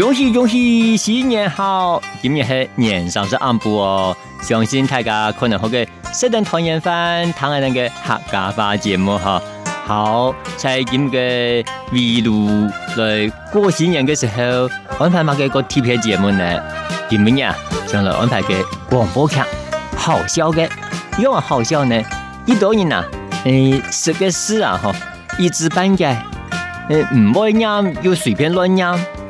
恭喜恭喜，新年好！今日係年三十晚晡哦，相信大家可能會去食頓團圓飯，睇下那個客家話節目哈。好，才今個，圍爐，來過新年嘅時候，安排埋嘅個特別節目呢？今日啊？將來安排嘅廣播劇，好笑嘅，因為好笑呢，一多人啊，誒、呃，識嘅字啊，哈，一知半解，誒，唔會念又隨便亂念。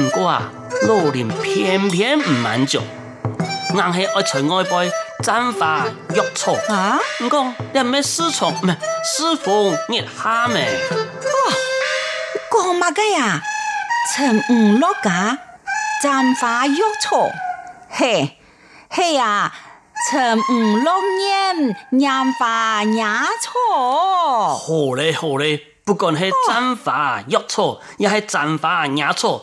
唔過啊，老林偏偏唔滿足，硬係愛財愛貴，沾花若草。啊？唔過你咪恃寵，咪恃富，你蝦咩？哇！講乜嘅呀？趁、哦、五六家沾花若草，嘿，嘿啊，趁、啊、五六年拈花惹草。好咧好咧，不管係沾花若草，也係沾花惹草。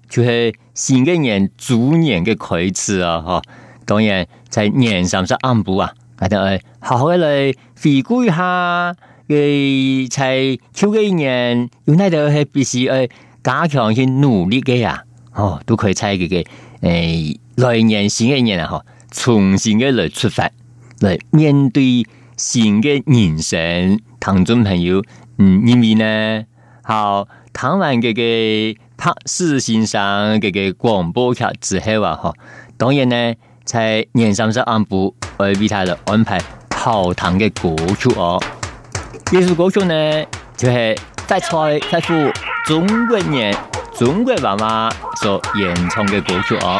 就是新的一年、豬年的開始啊，嗬，當然在年三十晚啊，大家要好好來回顧一下，誒、欸，在舊、就是欸、一年要喺度係必須誒加強去努力的呀、啊，哦，都可以在佢嘅誒來年新的一年啊，哈，從新嘅嚟出發，來面對新的人生，同眾朋友，嗯，你們呢，好聽完嘅嘅。他是欣賞佢嘅廣播劇之後啊，吼，當然呢，在年三十晚都會為佢哋安排好聽嘅歌曲哦。呢首歌曲呢，就係帶出帶出中國人、中國娃娃所演唱嘅歌曲哦。